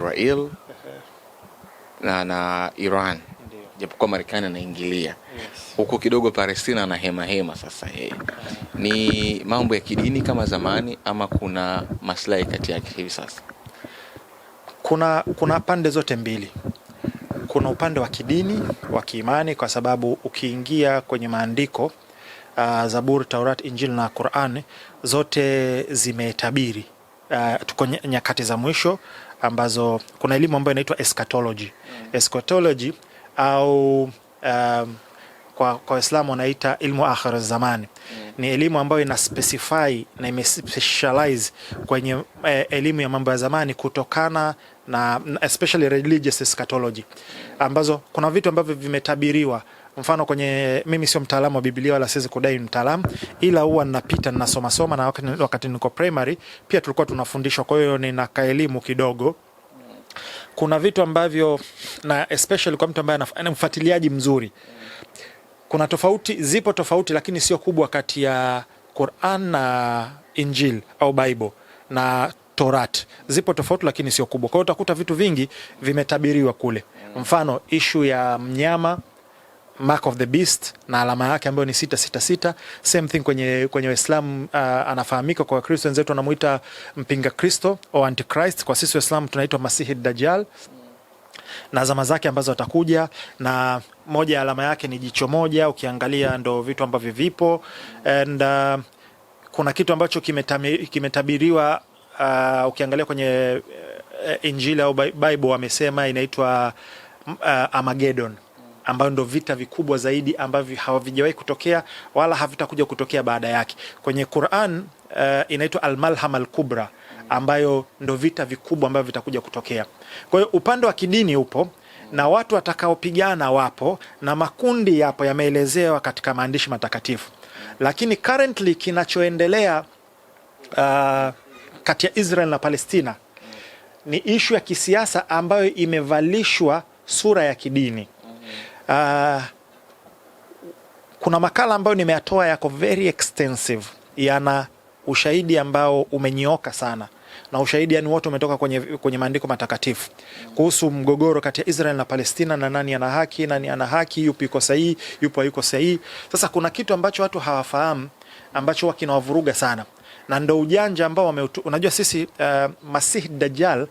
Israel uh-huh. na, na Iran japokuwa Marekani anaingilia huku yes. Kidogo Palestina na hema hema sasa yeye uh-huh. ni mambo ya kidini kama zamani ama kuna maslahi kati yake hivi sasa? Kuna, kuna pande zote mbili. Kuna upande wa kidini wa kiimani, kwa sababu ukiingia kwenye maandiko uh, Zaburi, Taurat, Injili na Qur'an zote zimetabiri uh, tuko nyakati za mwisho ambazo kuna elimu ambayo inaitwa eschatology. Eschatology au um, kwa Waislamu wanaita ilmu akhir zamani mm. Ni elimu ambayo ina specify na imespecialize kwenye eh, elimu ya mambo ya zamani kutokana na especially religious eschatology, ambazo kuna vitu ambavyo vimetabiriwa mfano kwenye, mimi sio mtaalamu wa Biblia wala siwezi kudai mtaalamu, ila huwa ninapita ninasoma soma, na wakati, wakati niko primary pia tulikuwa tunafundishwa, kwa hiyo nina kaelimu kidogo kuna vitu ambavyo na especially kwa mtu ambaye ana mfuatiliaji mzuri, kuna tofauti, zipo tofauti, lakini sio kubwa, kati ya Quran na Injil au Bible na Torati. Zipo tofauti, lakini sio kubwa. Kwa hiyo utakuta vitu vingi vimetabiriwa kule, mfano ishu ya mnyama Mark of the Beast na alama yake ambayo ni 666. Same thing kwenye kwenye Waislamu uh, anafahamika kwa Wakristo wenzetu wanamuita mpinga Kristo au Antichrist, kwa sisi Waislamu tunaitwa Masihi Dajjal na zama zake ambazo atakuja na moja ya alama yake ni jicho moja, ukiangalia ndo vitu ambavyo vipo and uh, kuna kitu ambacho kimetabiriwa uh, ukiangalia kwenye uh, Injili au Bible amesema inaitwa uh, Armageddon ambayo ndo vita vikubwa zaidi ambavyo havijawahi kutokea wala havitakuja kutokea baada yake. Kwenye Quran uh, inaitwa Almalham Alkubra ambayo ndo vita vikubwa ambavyo vitakuja kutokea. Kwa hiyo upande wa kidini upo na watu watakaopigana wapo na makundi yapo, yameelezewa katika maandishi matakatifu, lakini currently kinachoendelea uh, kati ya Israel na Palestina ni ishu ya kisiasa ambayo imevalishwa sura ya kidini uh, kuna makala ambayo nimeyatoa yako very extensive, yana ushahidi ambao umenyoka sana na ushahidi yani wote umetoka kwenye, kwenye maandiko matakatifu kuhusu mgogoro kati ya Israel na Palestina na nani ana haki, nani ana haki, yupi yuko sahihi, yupo hayuko sahihi. Sasa kuna kitu ambacho watu hawafahamu ambacho huwa kinawavuruga sana, na ndo ujanja ambao wameutu. Unajua sisi uh, Masih Dajjal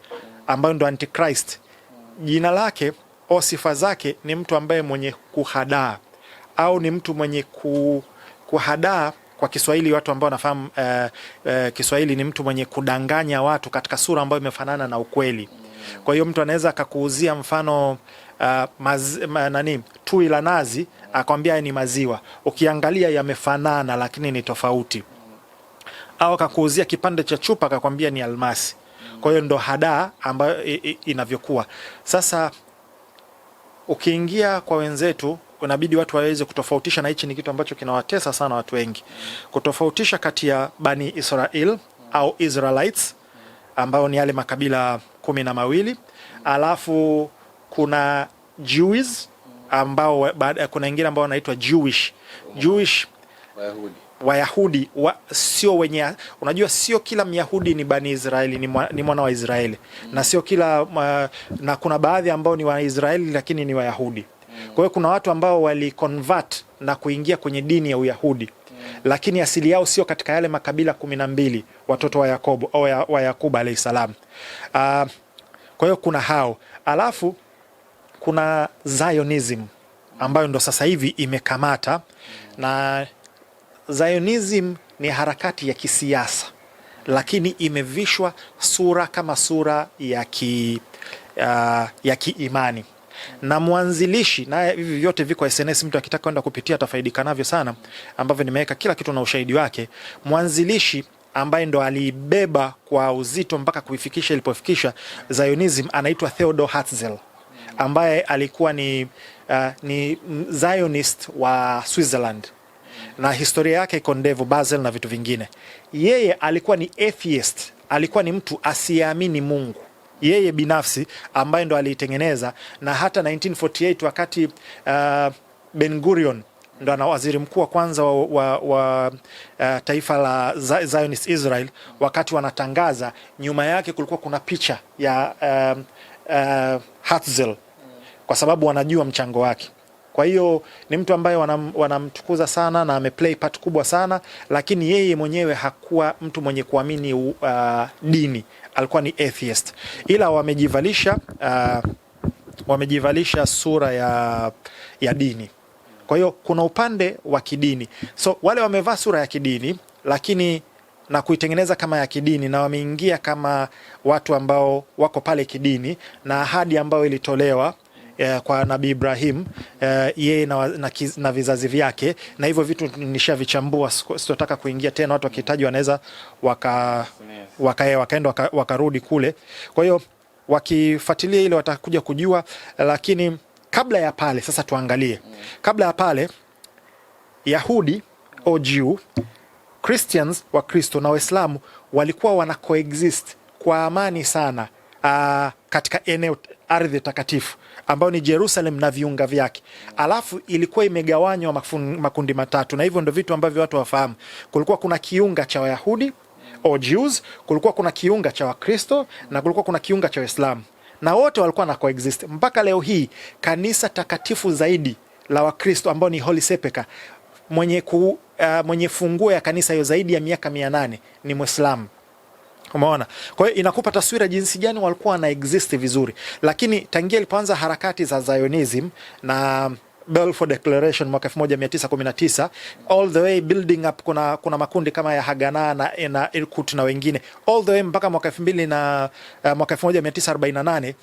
ambayo ndo Antichrist jina lake au sifa zake ni mtu ambaye mwenye kuhadaa au ni mtu mwenye kuhadaa kwa Kiswahili watu ambao wanafahamu uh, uh, Kiswahili ni mtu mwenye kudanganya watu katika sura ambayo imefanana na ukweli. Kwa hiyo mtu anaweza akakuuzia mfano uh, maz, ma, nani tui la nazi akwambia ni maziwa, ukiangalia yamefanana lakini ni tofauti, au akakuuzia kipande cha chupa akakwambia ni almasi. Kwa hiyo ndo hadaa ambayo inavyokuwa sasa ukiingia kwa wenzetu inabidi watu waweze kutofautisha, na hichi ni kitu ambacho kinawatesa sana watu wengi, kutofautisha kati ya Bani Israel au Israelites ambao ni yale makabila kumi na mawili, alafu kuna Jews ambao kuna wengine ambao wanaitwa Jewish Jewish Wayahudi Wayahudi wa, sio wenye, unajua sio kila Myahudi ni bani Israeli, ni, mwa, ni mwana wa Israeli mm. na sio kila uh, na kuna baadhi ambao ni Waisraeli lakini ni Wayahudi mm. kwa hiyo kuna watu ambao waliconvert na kuingia kwenye dini ya Uyahudi mm. lakini asili yao sio katika yale makabila kumi na mbili watoto wa Yakobo au wa Yakubu alayhi salam. Uh, kwa hiyo kuna hao, alafu kuna Zionism ambayo ndo sasa hivi imekamata mm. na Zionism ni harakati ya kisiasa lakini imevishwa sura kama sura ya ki, uh, ya kiimani na mwanzilishi na hivi vyote viko SNS, mtu akitaka kwenda kupitia atafaidika navyo sana, ambavyo nimeweka kila kitu na ushahidi wake. Mwanzilishi ambaye ndo aliibeba kwa uzito mpaka kuifikisha ilipofikisha Zionism anaitwa Theodor Herzl ambaye alikuwa ni, uh, ni Zionist wa Switzerland na historia yake iko ndevu Basel na vitu vingine. Yeye alikuwa ni atheist, alikuwa ni mtu asiyeamini Mungu yeye binafsi, ambaye ndo aliitengeneza na hata 1948 wakati uh, Ben Gurion ndo ana waziri mkuu wa kwanza wa, wa, wa uh, taifa la Zionist Israel, wakati wanatangaza, nyuma yake kulikuwa kuna picha ya uh, uh, Herzl kwa sababu wanajua mchango wake. Kwa hiyo ni mtu ambaye wanamtukuza wanamtukuza sana na ameplay part kubwa sana, lakini yeye mwenyewe hakuwa mtu mwenye kuamini uh, dini, alikuwa ni atheist, ila wamejivalisha uh, wamejivalisha sura ya, ya dini. Kwa hiyo kuna upande wa kidini, so wale wamevaa sura ya kidini lakini na kuitengeneza kama ya kidini na wameingia kama watu ambao wako pale kidini na ahadi ambayo ilitolewa eh, kwa Nabii Ibrahim eh, yeye na, na, na vizazi vyake, na hivyo vitu nishavichambua, sitotaka kuingia tena. Watu wakihitaji wanaweza waka, waka, wakaenda wakarudi waka kule. Kwa hiyo wakifuatilia ile watakuja kujua, lakini kabla ya pale sasa tuangalie, kabla ya pale Yahudi au Jew Christians wa Kristo na Waislamu walikuwa wana coexist kwa amani sana aa, uh, katika eneo ardhi takatifu ambayo ni Jerusalem na viunga vyake. Alafu ilikuwa imegawanywa makundi matatu, na hivyo ndio vitu ambavyo watu wafahamu. Kulikuwa kuna kiunga cha Wayahudi au Jews, kulikuwa kuna kiunga cha Wakristo na kulikuwa kuna kiunga cha Waislamu, na wote walikuwa na coexist mpaka leo hii. Kanisa takatifu zaidi la Wakristo ambao ni Holy Sepulchre mwenye, ku, uh, mwenye funguo ya kanisa hiyo zaidi ya miaka mia nane ni Mwislamu. Umeona? Kwa hiyo inakupa taswira jinsi gani walikuwa wana exist vizuri, lakini tangia ilipoanza harakati za Zionism na Balfour Declaration mwaka 1919 all the way building up, kuna, kuna makundi kama ya Haganah na, na Irkut na wengine all the way mpaka mwaka 2000 na eh, mwaka 1948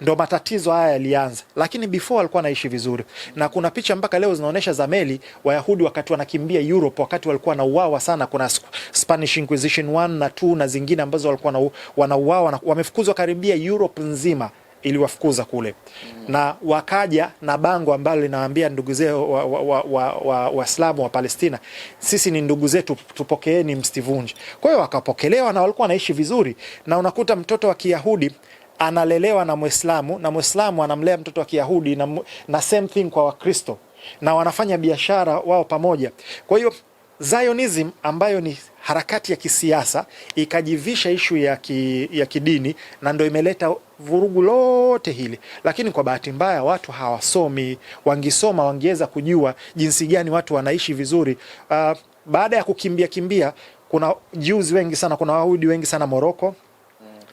ndo matatizo haya yalianza, lakini before alikuwa anaishi vizuri, na kuna picha mpaka leo zinaonyesha za meli Wayahudi wakati wanakimbia Europe, wakati walikuwa wanauawa sana. Kuna Spanish Inquisition 1 na 2 na zingine ambazo walikuwa wanauawa, wamefukuzwa karibia Europe nzima iliwafukuza kule mm. na wakaja na bango ambalo linawaambia ndugu zetu Waislamu wa, wa, wa, wa, wa Palestina, sisi ni ndugu zetu, tupokeeni msivunje. Kwa hiyo wakapokelewa na walikuwa wanaishi vizuri, na unakuta mtoto wa Kiyahudi analelewa na Muislamu na Muislamu anamlea mtoto wa Kiyahudi na, na same thing kwa Wakristo na wanafanya biashara wao pamoja. Kwa hiyo Zionism ambayo ni harakati ya kisiasa ikajivisha ishu ya, ki, ya kidini na ndo imeleta vurugu lote hili, lakini kwa bahati mbaya watu hawasomi. Wangisoma wangeweza kujua jinsi gani watu wanaishi vizuri. Uh, baada ya kukimbia kimbia, kuna Jews wengi sana, kuna Wayahudi wengi sana Moroko,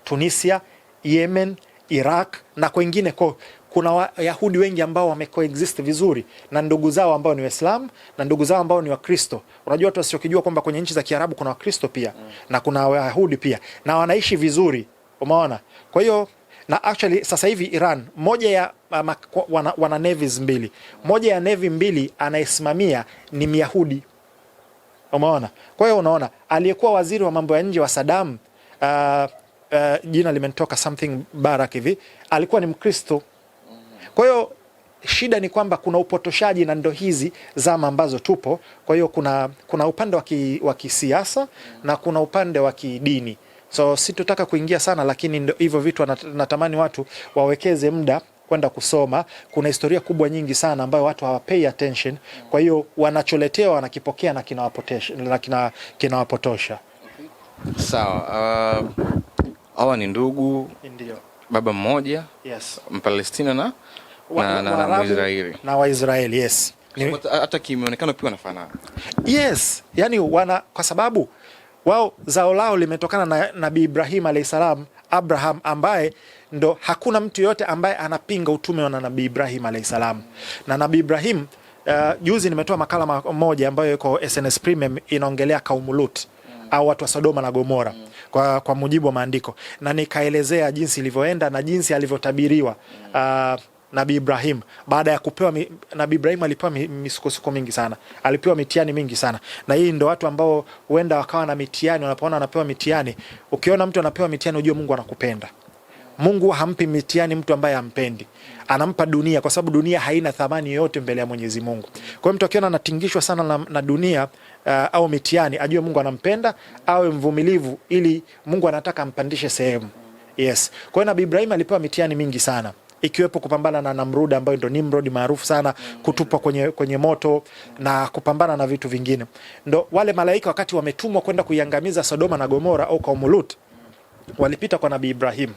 Tunisia Yemen, Iraq na kwengine ko kuna Wayahudi wengi ambao wamecoexist vizuri na ndugu zao ambao ni Waislamu na ndugu zao ambao ni Wakristo. Unajua watu wasiokijua kwamba kwenye nchi za Kiarabu kuna Wakristo pia mm. na kuna Wayahudi pia na wanaishi vizuri, umeona. Kwa hiyo na actually sasa hivi Iran moja ya ama, wana, wana navies mbili, moja ya navy mbili anayesimamia ni Myahudi, umeona. Kwa hiyo unaona aliyekuwa waziri wa mambo ya nje wa Saddam uh, uh, jina limenitoka something Barak hivi, alikuwa ni Mkristo. Kwa hiyo shida ni kwamba kuna upotoshaji na ndo hizi zama ambazo tupo. Kwa hiyo kuna, kuna upande wa kisiasa na kuna upande wa kidini, so situtaka kuingia sana, lakini ndo hivyo vitu. Natamani watu wawekeze muda kwenda kusoma. Kuna historia kubwa nyingi sana ambayo watu hawapei attention, kwa hiyo wanacholetewa wanakipokea na kinawapotosha. Sawa. Uh, hawa ni ndugu, ndio baba mmoja yes. Mpalestina na na, na, na na Waisraeli yes. Hata kimeonekano pia wanafanana yes, yani wana, kwa sababu wao zao lao limetokana na Nabii Ibrahim alayhi Abraham ambaye ndo hakuna mtu yoyote ambaye anapinga utume wa Nabii Ibrahim alayhi salam na Nabii Ibrahim. Uh, juzi nimetoa makala moja ambayo iko SNS Premium inaongelea kaumu Lut au watu wa Sodoma na Gomora kwa, kwa mujibu wa maandiko, na nikaelezea jinsi ilivyoenda na jinsi alivyotabiriwa uh, Nabii Ibrahim baada ya kupewa mi, Nabii Ibrahim alipewa misukosuko mingi sana, alipewa mitihani mingi sana, na hii ndio watu ambao huenda wakawa na mitihani. Wanapoona anapewa mitihani, ukiona mtu anapewa mitihani ujue Mungu anakupenda. Mungu hampi mitihani mtu ambaye hampendi, anampa dunia, kwa sababu dunia haina thamani yoyote mbele ya Mwenyezi Mungu. Kwa hiyo mtu akiona anatingishwa sana na, na dunia uh, au mitiani ajue Mungu anampenda, awe mvumilivu, ili Mungu anataka ampandishe sehemu. Yes, kwa hiyo Nabii Ibrahim alipewa mitiani mingi sana ikiwepo kupambana na Namrud ambayo ndo Nimrod maarufu sana, kutupwa kwenye, kwenye moto na kupambana na vitu vingine. Ndo wale malaika wakati wametumwa kwenda kuiangamiza Sodoma na Gomora au kaumulut walipita kwa Nabii Ibrahim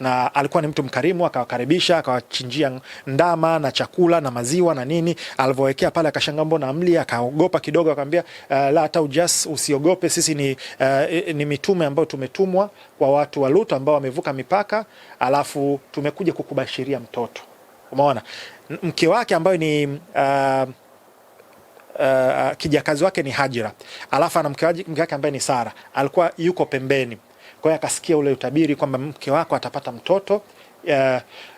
na alikuwa ni mtu mkarimu, akawakaribisha akawachinjia ndama na chakula na maziwa na nini. Alivyowekea pale akashanga, mbona mli? Akaogopa kidogo, akamwambia uh, la ujas, usiogope, sisi ni, uh, ni mitume ambayo tumetumwa kwa watu wa Lutu ambao wamevuka mipaka, alafu tumekuja kukubashiria mtoto. Umeona mke wake ambayo ni uh, uh, kijakazi wake ni Hajira, alafu ana mke wake ambaye ni Sara, alikuwa yuko pembeni. Kwa hiyo akasikia ule utabiri kwamba mke wako atapata mtoto uh,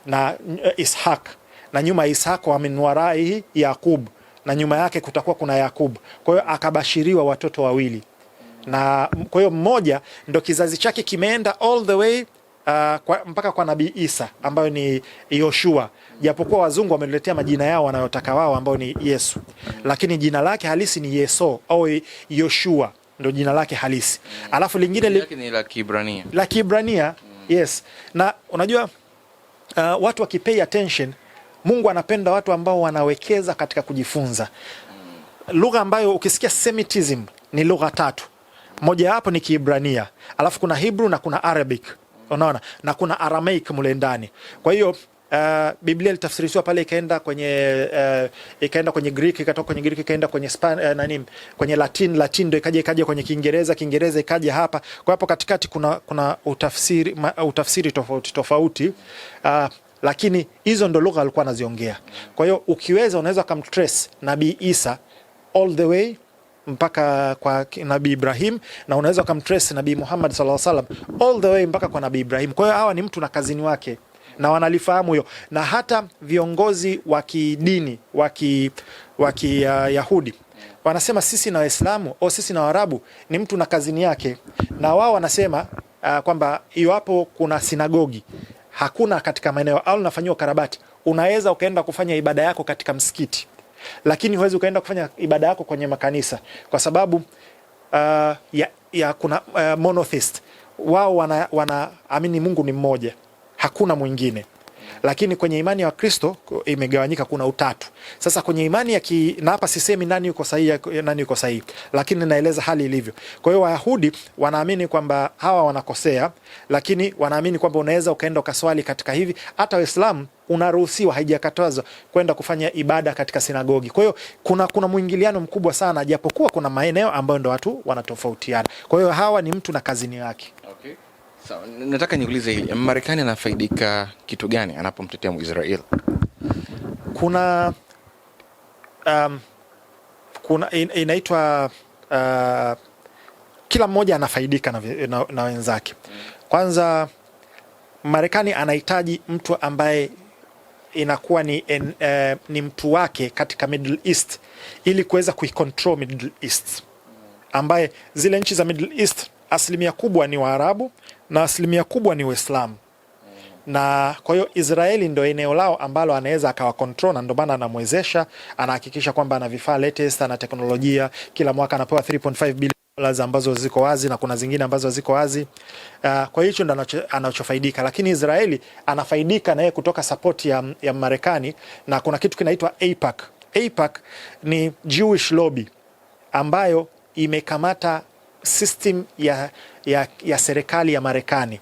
na uh, Ishak na nyuma ishak wa minwarai Yakub na nyuma yake kutakuwa kuna Yakub. Kwa hiyo akabashiriwa watoto wawili, na kwa hiyo mmoja ndo kizazi chake kimeenda all the way Uh, kwa, mpaka kwa Nabii Isa ambayo ni Yoshua, japokuwa wazungu wameletea majina yao wanayotaka wao, ambayo ni Yesu, lakini jina lake halisi ni Yeso au Yoshua ndio jina lake halisi mm. Alafu lingine li... ni la Kibrania, la Kibrania mm. Yes, na unajua uh, watu wakipay attention, Mungu anapenda watu ambao wanawekeza katika kujifunza mm. Lugha ambayo ukisikia Semitism ni lugha tatu, moja wapo ni Kiibrania, alafu kuna Hebrew na kuna Arabic, mm. unaona na kuna Aramaic mule ndani, kwa hiyo uh, Biblia ilitafsiriwa pale ikaenda kwenye uh, ikaenda kwenye Greek ikatoka kwenye Greek ikaenda kwenye Span, uh, nani kwenye Latin Latin ndio ikaja ikaja kwenye Kiingereza Kiingereza ikaja hapa. Kwa hapo katikati kuna kuna utafsiri ma, utafsiri tofauti tofauti uh, lakini hizo ndo lugha alikuwa anaziongea. Kwa hiyo ukiweza, unaweza kumtrace Nabii Isa all the way mpaka kwa Nabii Ibrahim na unaweza kumtrace Nabii Muhammad sallallahu alaihi wasallam all the way mpaka kwa Nabii Ibrahim. Kwa hiyo hawa ni mtu na kazini wake na wanalifahamu hiyo, na hata viongozi wa kidini wa Kiyahudi wanasema sisi na Waislamu au sisi na Waarabu ni mtu na kazini yake, na wao wanasema uh, kwamba iwapo kuna sinagogi hakuna katika maeneo au linafanyiwa ukarabati, unaweza ukaenda kufanya ibada yako katika msikiti, lakini huwezi ukaenda kufanya ibada yako kwenye makanisa kwa sababu uh, ya, ya kuna uh, monotheist wao wanaamini wana, Mungu ni mmoja hakuna mwingine. Lakini kwenye imani ya Wakristo imegawanyika, kuna utatu. Sasa kwenye imani ya ki, na hapa sisemi nani yuko sahihi, nani yuko sahihi, lakini naeleza hali ilivyo. Kwa hiyo Wayahudi wanaamini kwamba hawa wanakosea, lakini wanaamini kwamba unaweza ukaenda ukaswali katika hivi. Hata Waislamu unaruhusiwa, haijakatazwa kwenda kufanya ibada katika sinagogi. Kwa hiyo kuna, kuna mwingiliano mkubwa sana, japokuwa kuna maeneo ambayo ndo watu wanatofautiana. Kwa hiyo hawa ni mtu na kazini yake. So, nataka niulize hili, Marekani anafaidika kitu gani anapomtetea Israel? Kuna um, kuna inaitwa uh, kila mmoja anafaidika na, na, na wenzake. Kwanza Marekani anahitaji mtu ambaye inakuwa ni, en, uh, ni mtu wake katika Middle East ili kuweza kuicontrol Middle East, ambaye zile nchi za Middle East asilimia kubwa ni Waarabu na asilimia kubwa ni Waislamu na kwa hiyo Israeli ndio eneo lao ambalo anaweza akawa control, na ndio maana anamwezesha, anahakikisha kwamba ana vifaa latest, ana teknolojia. Kila mwaka anapewa 3.5 bilioni dollars ambazo ziko wazi na kuna zingine ambazo ziko wazi. Uh, kwa hicho ndo anachofaidika, lakini Israeli anafaidika na yeye kutoka support ya, ya Marekani na kuna kitu kinaitwa AIPAC. AIPAC ni Jewish lobby ambayo imekamata system ya, ya, ya serikali ya Marekani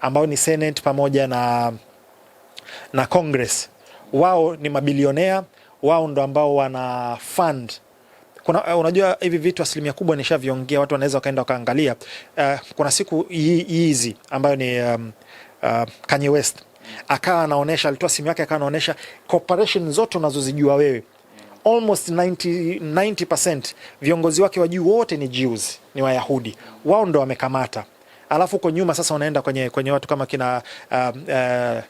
ambayo ni Senate pamoja na, na Congress. Wao ni mabilionea, wao ndo ambao wana fund kuna, eh, unajua hivi vitu asilimia kubwa nishaviongea, watu wanaweza wakaenda wakaangalia. Uh, kuna siku hizi ambayo ni um, uh, Kanye West akawa anaonesha, alitoa simu yake akawa anaonesha corporation zote unazozijua wewe almost 90, 90% viongozi wake wa juu wote ni Jews, ni Wayahudi, wao ndo wamekamata. Alafu huko nyuma sasa wanaenda kwenye, kwenye watu kama kina uh, uh,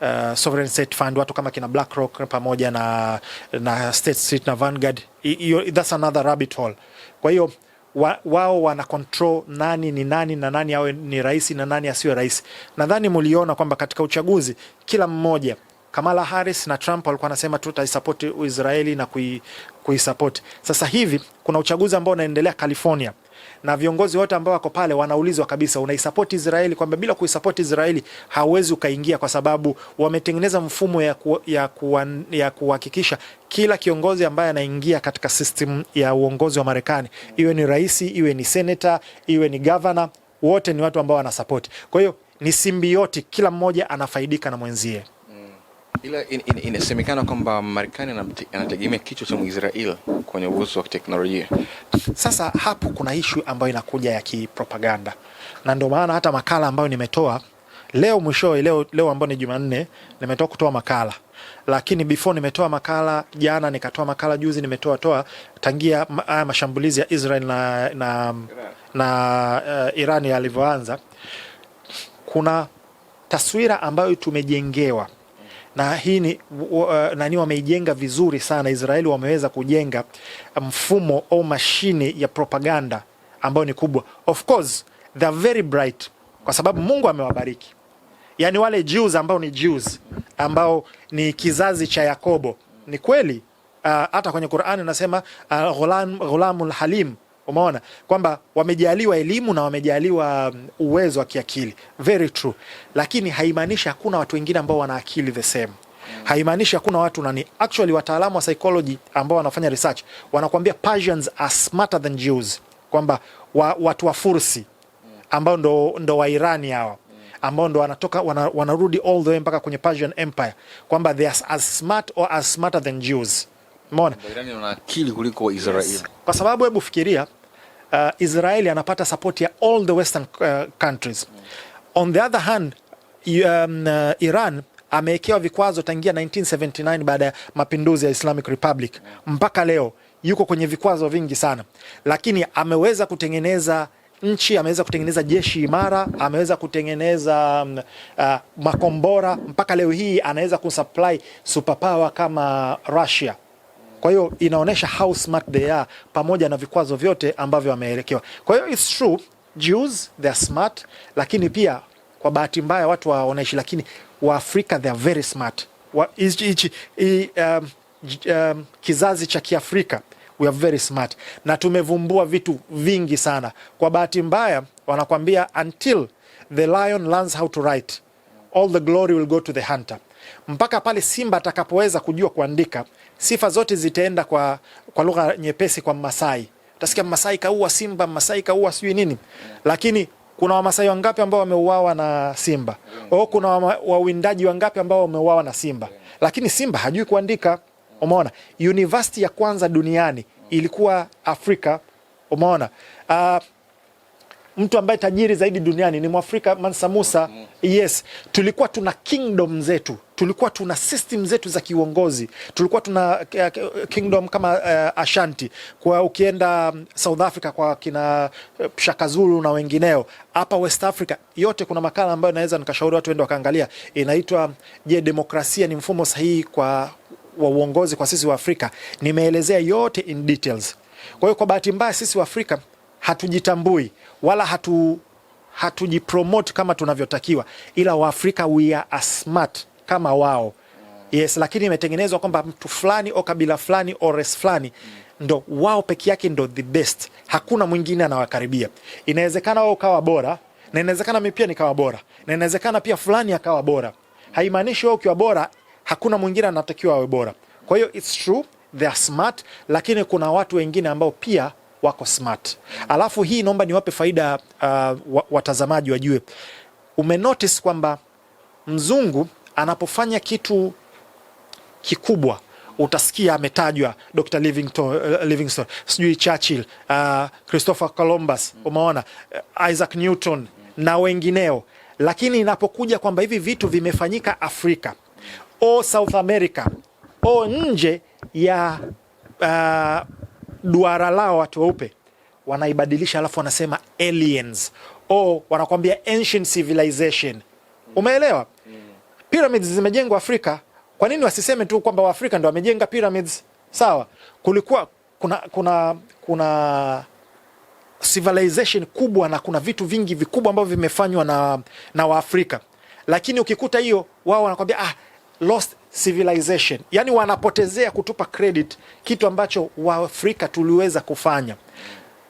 Uh, Sovereign State Fund watu kama kina BlackRock pamoja na, na State Street na Vanguard I, that's another rabbit hole. Kwa hiyo wa, wao wana control nani ni nani na nani awe ni rais na nani asiwe rais. Nadhani muliona kwamba katika uchaguzi kila mmoja Kamala Harris na Trump walikuwa wanasema tutaisapoti Israeli na kui, kuisapoti. Sasa hivi kuna uchaguzi ambao unaendelea California na viongozi wote ambao wako pale wanaulizwa kabisa, unaisapoti Israeli? Kwamba bila kuisapoti Israeli hauwezi ukaingia, kwa sababu wametengeneza mfumo ya, ku, ya, kuwa, ya kuhakikisha kila kiongozi ambaye anaingia katika system ya uongozi wa Marekani, iwe ni rais iwe ni senata, iwe ni gavana, wote ni watu ambao wanasapoti. Kwa hiyo ni simbioti, kila mmoja anafaidika na mwenzie. Ila in, in, inasemekana kwamba Marekani anategemea kichwa cha Israel kwenye uwezo wa teknolojia. Sasa hapo kuna ishu ambayo inakuja ya kipropaganda, na ndio maana hata makala ambayo nimetoa leo mwisho leo, leo ambao ni Jumanne nimetoa kutoa makala, lakini before nimetoa makala jana, nikatoa makala juzi, nimetoa toa tangia haya mashambulizi ya Israel na, na, na uh, Iran yalivyoanza, kuna taswira ambayo tumejengewa na hii ni uh, nani, wameijenga vizuri sana Israeli, wameweza kujenga mfumo au mashine ya propaganda ambayo ni kubwa. Of course they are very bright, kwa sababu Mungu amewabariki yani wale Jews ambao ni Jews ambao ni kizazi cha Yakobo. Ni kweli uh, hata uh, kwenye Qur'ani anasema uh, ghulam, ghulamul halim Umeona kwamba wamejaliwa elimu na wamejaliwa um, uwezo wa kiakili very true, lakini haimaanishi hakuna watu wengine ambao wana akili the same haimaanishi hakuna watu nani, actually wataalamu wa psychology ambao wanafanya research wanakuambia Persians are smarter than Jews, kwamba wa, watu wa Fursi ambao ndo, ndo wa Irani hawa ambao ndo wanatoka wana, wanarudi all the way mpaka kwenye Persian Empire kwamba they are as smart or as smarter than Jews. Umeona, Irani wana akili kuliko Israeli. Yes. Kwa sababu hebu fikiria uh, Israeli anapata support ya all the western uh, countries. On the other hand, um, uh, Iran amewekewa vikwazo tangia 1979 baada ya mapinduzi ya Islamic Republic mpaka leo yuko kwenye vikwazo vingi sana, lakini ameweza kutengeneza nchi ameweza kutengeneza jeshi imara, ameweza kutengeneza um, uh, makombora. Mpaka leo hii anaweza kusupply superpower kama Russia. Kwa hiyo inaonyesha how smart they are, pamoja na vikwazo vyote ambavyo wameelekewa. Kwa hiyo it's true Jews they are smart, lakini pia kwa bahati mbaya watu waonaishi, lakini Waafrika they are very smart wa, is, is, is, um, um, kizazi cha Kiafrika we are very smart na tumevumbua vitu vingi sana. Kwa bahati mbaya wanakwambia until the lion learns how to write all the glory will go to the hunter mpaka pale Simba atakapoweza kujua kuandika. Sifa zote zitaenda kwa, kwa lugha nyepesi kwa Masai. Utasikia Masai kaua Simba, Masai kaua sijui nini, lakini kuna Wamasai wangapi ambao wameuawa na Simba? O, kuna wawindaji wangapi ambao wameuawa na Simba? Lakini Simba hajui kuandika. Umeona, university ya kwanza duniani ilikuwa Afrika. Umeona, uh, mtu ambaye tajiri zaidi duniani ni Mwafrika Mansa Musa. Yes, tulikuwa tuna kingdom zetu tulikuwa tuna system zetu za kiuongozi, tulikuwa tuna eh, eh, kingdom kama uh, Ashanti kwa ukienda mm, South Africa kwa kina Shaka Zulu na wengineo, hapa West Africa yote kuna makala ambayo naweza nikashauri watu wende wakaangalia, inaitwa Je, demokrasia ni mfumo sahihi kwa wa uongozi kwa sisi wa Afrika? Nimeelezea yote in details. Kwa hiyo kwa bahati mbaya sisi wa Afrika hatujitambui wala hatu hatujipromote kama tunavyotakiwa, ila Waafrika we are a smart kama wao yes, lakini imetengenezwa kwamba mtu fulani au kabila fulani au race fulani ndo wao peke yake ndo the best, hakuna mwingine anawakaribia. Inawezekana wao ukawa bora na inawezekana mimi pia nikawa bora na inawezekana pia fulani akawa bora. Haimaanishi wao ukiwa bora hakuna mwingine anatakiwa awe bora. Kwa hiyo it's true they are smart, lakini kuna watu wengine ambao pia wako smart. Alafu hii naomba niwape faida uh, watazamaji wajue. Umenotice kwamba mzungu anapofanya kitu kikubwa utasikia ametajwa Dr. livingston uh, sijui Churchill, uh, Christopher Columbus, umeona uh, Isaac Newton na wengineo, lakini inapokuja kwamba hivi vitu vimefanyika Afrika o South America o nje ya uh, duara lao watu weupe wanaibadilisha, alafu wanasema aliens o wanakuambia ancient civilization, umeelewa? Pyramids zimejengwa Afrika, kwa nini wasiseme tu kwamba Waafrika ndio wamejenga pyramids? Sawa, kulikuwa kuna kuna kuna civilization kubwa na kuna vitu vingi vikubwa ambavyo vimefanywa na na Waafrika, lakini ukikuta hiyo wao wanakwambia ah, lost civilization, yani wanapotezea kutupa credit kitu ambacho Waafrika tuliweza kufanya.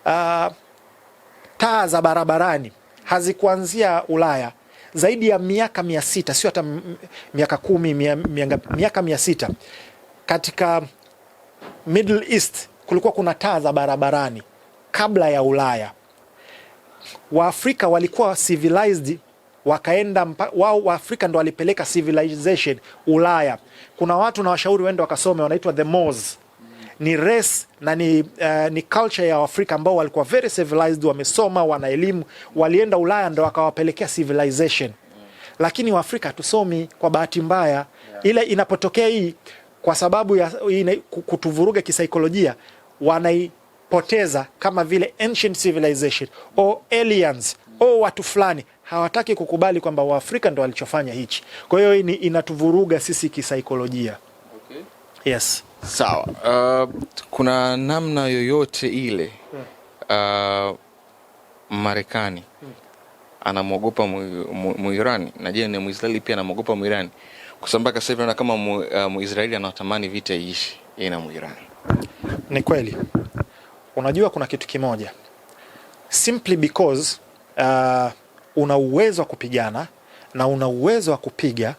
Uh, taa za barabarani hazikuanzia Ulaya zaidi ya miaka mia sita sio hata miaka kumi mia, miaka mia sita katika Middle East kulikuwa kuna taa za barabarani kabla ya Ulaya. Waafrika walikuwa civilized wakaenda wao, Waafrika ndo walipeleka civilization Ulaya. Kuna watu na washauri waende wakasome, wanaitwa the Moors ni race na ni, uh, ni culture ya Waafrika ambao walikuwa very civilized, wamesoma, wana elimu, walienda Ulaya ndo wakawapelekea civilization, lakini Waafrika hatusomi kwa bahati mbaya. Ile inapotokea hii kwa sababu ya kutuvuruga kisaikolojia, wanaipoteza kama vile ancient civilization o aliens o watu fulani hawataki kukubali kwamba Waafrika ndo walichofanya hichi. Kwa hiyo inatuvuruga sisi kisaikolojia. Okay. Yes. Sawa. Uh, kuna namna yoyote ile uh, Marekani anamwogopa Muirani na je, ni Muisraeli pia anamwogopa Muirani? Kwa sababu mpaka sasa hivi naona kama uh, Muisraeli uh, anatamani vita iishi yeye na Muirani. Ni kweli. Unajua kuna kitu kimoja simply because uh, una uwezo wa kupigana na una uwezo wa kupiga